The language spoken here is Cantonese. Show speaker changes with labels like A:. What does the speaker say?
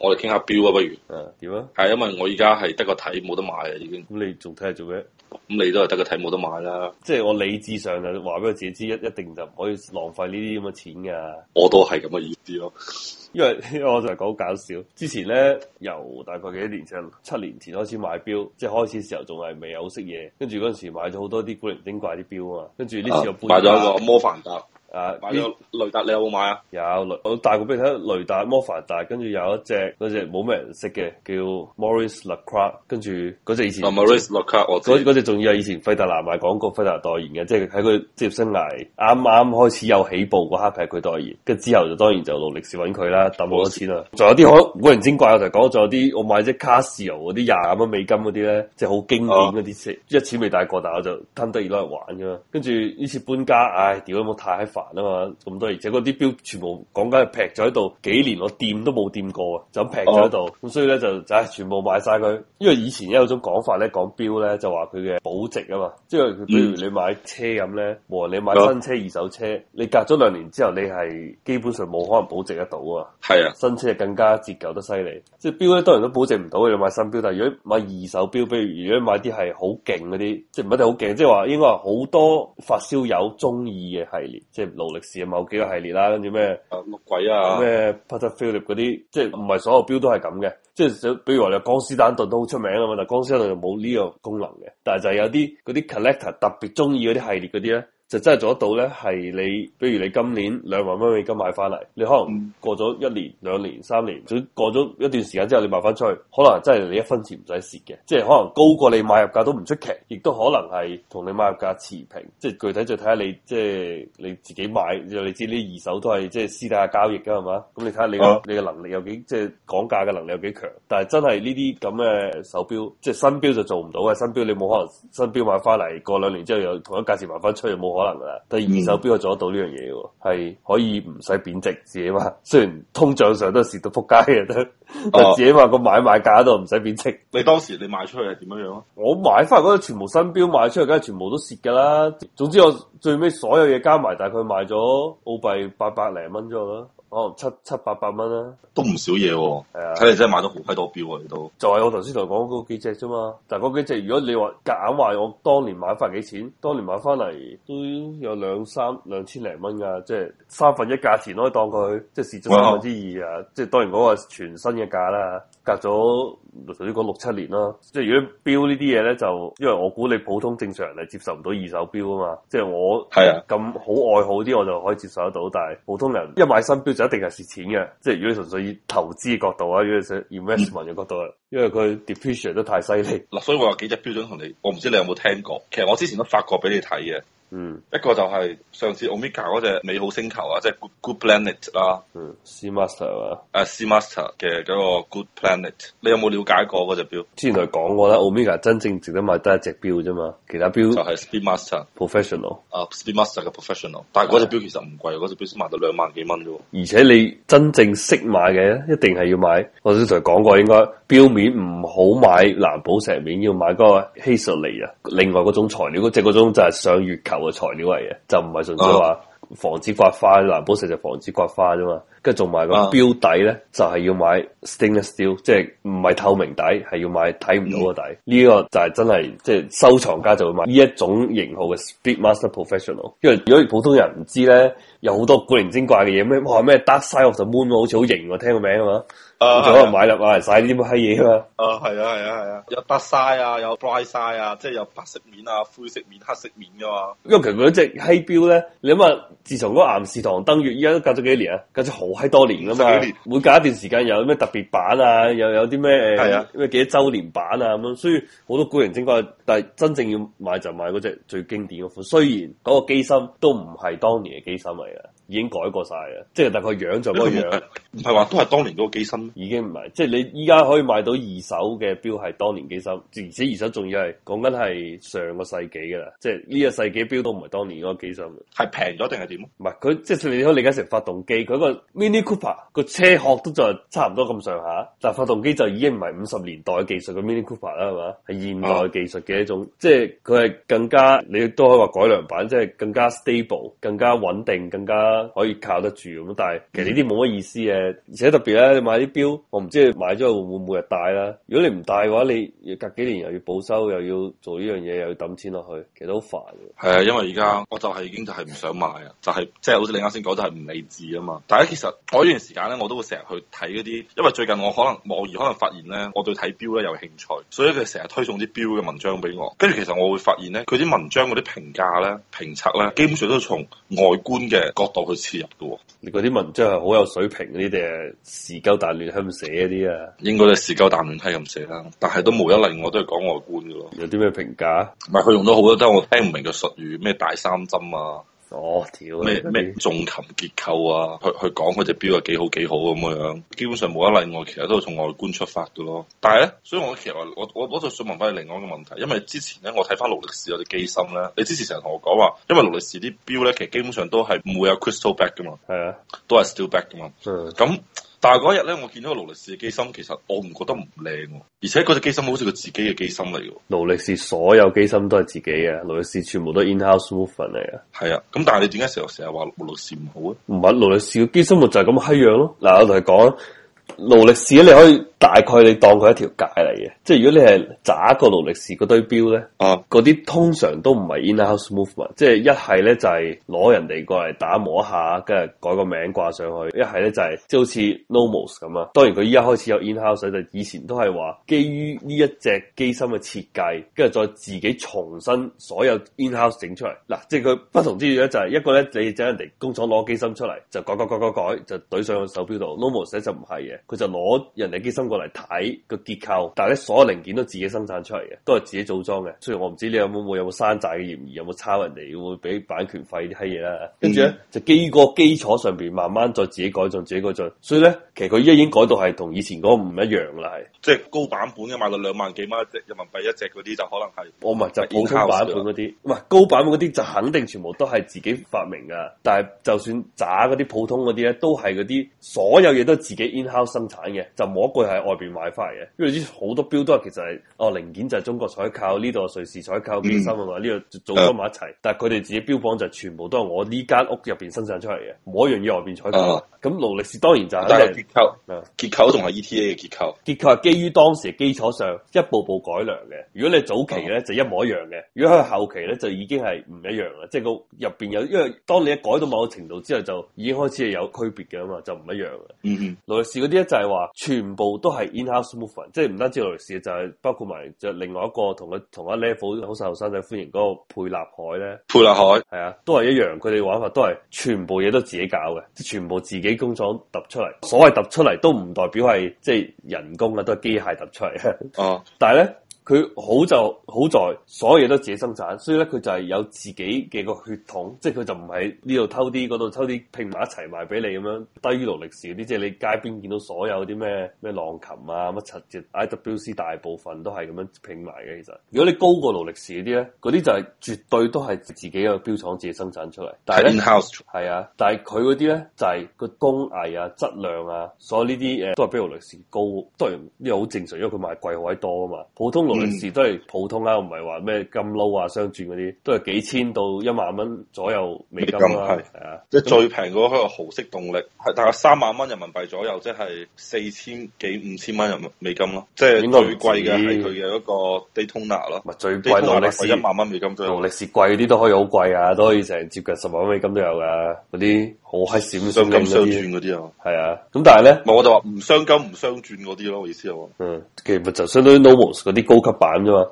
A: 我哋傾下表啊，不如，誒點啊？係、啊、因為我而家係得個睇，冇得買啊，已經。咁你仲睇下做咩？咁你都係得個睇，冇得買啦。
B: 即係我理智上就話俾我自己知，一一定就唔可以浪費呢啲咁嘅錢噶。我都係咁嘅意思咯。因為我就係講搞笑。之前咧，由大概幾多年前，七年前開始買表，即係開始時候仲係未有識嘢，跟住嗰陣時買咗好多啲古靈精怪啲表啊，跟住呢次又買咗個摩凡達。啊！買咗雷達，你有冇買啊有，我戴過俾你睇，雷達摩凡陀，跟住有一隻嗰隻冇咩人識嘅，叫 Maurice Lacroix，跟住嗰隻以前，Maurice Lacroix 嗰嗰隻仲要係以前費達拿賣廣告，費達拿代言嘅，即係喺佢職業生涯啱啱開始有起步嗰刻，畀佢代言，跟住之後就當然就勞力士搵佢啦，抌好多錢啦。仲有啲好，古靈精怪，我就講，仲有啲我買隻 Casio 嗰啲廿蚊美金嗰啲咧，即係好經典嗰啲色，啊、一錢未戴過，但我就貪得意攞嚟玩噶嘛。跟住呢次搬家，唉、哎，屌，冇太啊嘛，咁多而且嗰啲表全部講緊係劈咗喺度，幾年我掂都冇掂過啊，就咁劈咗喺度，咁所以咧就就係全部賣晒佢。因為以前有一種講法咧，講表咧就話佢嘅保值啊嘛，即係譬如你買車咁咧，無論、嗯哦，你買新車、二手車，你隔咗兩年之後，你係基本上冇可能保值得到啊。係啊，新車係更加折舊得犀利，即係表咧，當然都保值唔到嘅。你買新表，但係如果買二手表，比如如果買啲係好勁嗰啲，即係唔一定好勁，即係話應該話好多發燒友中意嘅系列，即係。勞力士啊，某幾個系列啦，跟住咩，乜
A: 鬼啊，咩
B: Patek Philippe 嗰啲，即係唔係所有錶都係咁嘅，即係比如話你江詩丹頓都好出名啊嘛，但係江詩丹頓就冇呢個功能嘅，但係就係有啲嗰啲 collector 特別中意嗰啲系列嗰啲咧。就真係做得到咧，係你，比如你今年兩萬蚊美金買翻嚟，你可能過咗一年、兩年、三年，總之過咗一段時間之後你賣翻出去，可能真係你一分錢唔使蝕嘅，即係可能高過你買入價都唔出奇，亦都可能係同你買入價持平，即係具體就睇下你即係你自己買，你知呢二手都係即係私底下交易嘅係嘛，咁你睇下你你嘅能力有幾即係講價嘅能力有幾強，但係真係呢啲咁嘅手錶，即係新錶就做唔到嘅，新錶你冇可能新錶買翻嚟過兩年之後又同一價錢賣翻出去。冇。可能啦，但二手錶做得到呢樣嘢喎，係可以唔使貶值，自己話。雖然通脹上都蝕到撲街嘅都，但，哦、但自己話個買賣價都唔使貶值。你當時你賣出去係點樣樣啊？我買翻嗰啲全部新表賣出去，梗係全部都蝕噶啦。總之我最尾所有嘢加埋，大概賣咗澳幣八百零蚊咗啦。哦，可能七七八百蚊啦，
A: 都唔少嘢喎、哦。
B: 睇嚟的真係買咗
A: 好批多表啊，你都。
B: 就係我頭先同你講嗰幾隻啫嘛。但係嗰幾隻，如果你話夾硬話，我當年買翻幾錢？當年買翻嚟都有兩三兩千零蚊噶，即係三分一價錢都可以當佢，即係蝕咗三分之二、嗯、啊！即係當然嗰個全新嘅價啦。隔咗，頭先六七年啦。即係如果表呢啲嘢咧，就因為我估你普通正常人嚟接受唔到二手表啊嘛。即係我咁、啊、好愛好啲，我就可以接受得到。但係普通人一買新表就一定係蝕錢嘅。即係如果你純粹以投資角度啊，如果以 investment 嘅角度啊，嗯、因為佢 depreciate 得太犀利。嗱，所以我有幾隻標準同你，我唔知
A: 你有冇聽過。其實我之前都發過俾你睇嘅。嗯，一個就係上次 Omega 嗰隻美好星球 Planet,、嗯、aster, 啊，即係 Good Planet 啦。嗯 Seamaster 啊嘛？誒 Seamaster 嘅嗰個 Good Planet，你有冇了解過嗰隻錶？
B: 之前嚟講過啦，Omega 真正值得買得係隻錶啫嘛，其他表就係 Speedmaster Professional 啊、
A: uh,，Speedmaster 嘅 Professional，但係嗰隻錶其實唔貴，嗰的隻錶先賣到兩萬幾蚊啫。
B: 而且你真正識買嘅，一定係要買。我之前講過，應該表面唔好買藍寶石面，要買嗰個 Hesalite 啊，另外嗰種材料嗰隻嗰種就係上月球。個材料嚟嘅，就唔係純粹話防止刮花，藍寶石就防止刮花啫嘛。跟住仲埋個錶底咧，就係要買 stainless steel，即係唔係透明底，係要買睇唔到個底。呢個就係真係，即係收藏家就會買呢一種型號嘅 Speedmaster Professional。因為如果普通人唔知咧。有好多古靈精怪嘅嘢咩？哇咩？Dark Side of the Moon 好似好型喎。聽個名係嘛？Uh, 啊，仲可能買啦，買嚟晒啲咁嘅閪嘢噶嘛？啊，係啊，係啊，
A: 係啊。有 Dark Side 啊，有 Bright Side 啊，即係有白色面啊、灰色面、黑色面噶嘛。
B: 因為其實嗰隻閪表咧，你諗下，自從嗰個岩士堂登月依家都隔咗幾年啊，隔咗好閪多年噶嘛。每隔一段時間又有咩特別版啊？又有啲咩啊，咩幾多周年版啊咁。所以好多古靈精怪，但係真正要買就買嗰隻最經典嗰款。雖然嗰個機芯都唔係當年嘅機芯嚟。已經改過晒啦，即係大概樣就嗰樣，唔係話都係當年嗰個機芯。已經唔係，即係你依家可以買到二手嘅錶係當年機芯，而且二手仲要係講緊係上個世紀㗎喇，即係呢個世紀錶都唔係當年嗰個機芯。係平咗定係點？唔係，佢即係你可以理解成發動機，佢個 Mini Cooper 個車殼都就差唔多咁上下，但發動機就已經唔係五十年代嘅技術嘅 Mini Cooper 啦，係嘛？係現代技術嘅一種，啊、即係佢係更加你都可以話改良版，即係更加 stable、更加穩定、更加。可以靠得住咁，但係其實呢啲冇乜意思嘅，而且特別咧，你買啲表，我唔知你買咗會唔會每日戴啦。如果你唔戴嘅話，你隔幾年又要保脩，又要做呢樣嘢，又要抌錢落去，其實好煩嘅。係啊，因為而家我就係已經就係唔
A: 想買啊，就係即係好似你啱先講，就係唔理智啊嘛。但係其實我呢段時間咧，我都會成日去睇嗰啲，因為最近我可能無意可能發現咧，我對睇表咧有興趣，所以佢成日推送啲表嘅文章俾我。跟住其實我會發現咧，佢啲文章嗰啲評價咧、評測咧，基本上都從外觀嘅角度。去切入嘅，你嗰啲文章係好有水平，呢啲嘅時鳩大亂喺度寫嗰啲啊，應該係時鳩大亂喺度寫啦，但係都無一例外都係講外觀嘅咯。有啲咩評價？唔係佢用咗好多真我聽唔明嘅術語，咩大三針啊？我屌咩咩鍾琴結構啊，去去講嗰隻表係幾好幾好咁樣，基本上冇一例外，其實都係從外觀出發嘅咯。但係咧，所以我其實我我就想問翻你另外一個問題，因為之前咧我睇翻勞力士嗰啲機芯咧，你之前成日同我講話，因為勞力士啲表咧其實基本上都係唔會有 Crystal Back 嘅嘛，係啊的，都係 Steel Back 嘅嘛，咁的。但係嗰日咧，我見到個勞力士嘅機芯，其實我唔覺得唔靚，啊，而且嗰隻機芯好似佢自己嘅機芯嚟嘅。
B: 勞力士所有機芯都係自己嘅，勞力士全部都係 in house movement 嚟嘅。係啊，
A: 咁但係你點解成日成日話勞力士
B: 唔好啊？唔係勞力士個機芯咪就係咁閪樣咯。嗱，我同你講。勞力士咧，你可以大概你當佢一條界嚟嘅，即係如果你係渣個勞力士嗰堆錶咧，啊，嗰啲通常都唔係 in-house movement 即係一係咧就係、是、攞人哋過嚟打磨下，跟住改個名掛上去；一係咧就係、是、即好似 nomos 咁啊。當然佢依家開始有 in-house，就以前都係話基於呢一隻機芯嘅設計，跟住再自己重新所有 in-house 整出嚟。嗱、啊，即係佢不同之處咧，就係、是、一個咧你請人哋工廠攞機芯出嚟就改改改改改，就懟上個手錶度。nomos 咧、啊、就唔係嘅。佢就攞人哋機芯過嚟睇個結構，但係咧所有零件都自己生產出嚟嘅，都係自己組裝嘅。雖然我唔知你有冇，會有冇山寨嘅嫌疑，有冇抄人哋會俾版權費啲閪嘢啦。跟住咧就基個基礎上邊慢慢再自己改進自己改進。所以咧，其實佢依家已經改到係同以前嗰個唔一樣啦，係即係高版本嘅賣到兩萬幾蚊一隻，人民幣一隻嗰啲就可能係，我唔係就普通版本嗰啲，唔係高版本嗰啲，就肯定全部都係自己發明㗎。但係就算渣嗰啲普通嗰啲咧，都係嗰啲所有嘢都係自己 in house。生產嘅就冇一個係喺外邊買翻嚟嘅，因為啲好多標都係其實係哦零件，就係中國採購，呢度瑞士採購件心啊嘛，呢度組裝埋一齊，嗯、但係佢哋自己標榜就全部都係我呢間屋入邊生產出嚟嘅，冇一樣嘢外邊採購。咁勞、嗯、力士當然就係、是、結構，嗯、結構同埋 ETA 嘅結構，結構係基於當時基礎上一步步改良嘅。如果你早期咧、嗯、就一模一樣嘅，如果佢後期咧就已經係唔一樣啦，即係個入邊有，因為當你一改到某個程度之後，就已經開始係有區別嘅啊嘛，就唔一樣嘅。勞、嗯、哼力士嗰啲就係話全部都係 in-house movement，即係唔單止勞力士就係包括埋就另外一個同佢同一 level 好受後生仔歡迎嗰個佩納海咧，佩納海係啊，都係一樣，佢哋玩法都係全部嘢都自己搞嘅，全部自己工廠揼出嚟，所謂揼出嚟都唔代表係即係人工啊，都係機械揼出嚟哦，但係咧。佢好就好在所有嘢都自己生產，所以咧佢就係有自己嘅個血統，即係佢就唔喺呢度偷啲嗰度偷啲拼埋一齊賣俾你咁樣，低於勞力士啲，即係你街邊見到所有啲咩咩浪琴啊乜七折 IWC，大部分都係咁樣拼埋嘅。其實如果你高過勞力士啲咧，嗰啲就係絕對都係自己個標廠自己生產出嚟。但係 in house。係好啊，但係佢嗰啲咧就係、是、個工藝啊、質量啊，所有呢啲誒都係比勞力士高，都係呢個好正常，因為佢賣貴好多啊嘛。普通勞平時、嗯、都係普通啦，唔係話咩金勞啊、雙轉嗰啲，都係幾千到一萬蚊左右美金啦，係啊。即係最
A: 平嗰個蠔式勞力士，係大概三萬蚊人民幣左右，即、就、係、是、四千幾五千蚊
B: 人民美金咯、啊。即、就、係、是、最貴嘅係佢嘅
A: 一個 Daytona 咯、er,。咪最貴勞力士，一、啊、萬
B: 蚊美金都有。勞力士貴啲都可以好貴噶，都可以成接近十萬美金都有噶嗰啲。我係、哦、閃商鑲金鑲鑽嗰啲啊，係啊，咁但係咧，唔我就話唔鑲金唔鑲鑽嗰啲
A: 咯，我意思係話，嗯，
B: 其實就相當於 Nomos 嗰啲高級版啫嘛。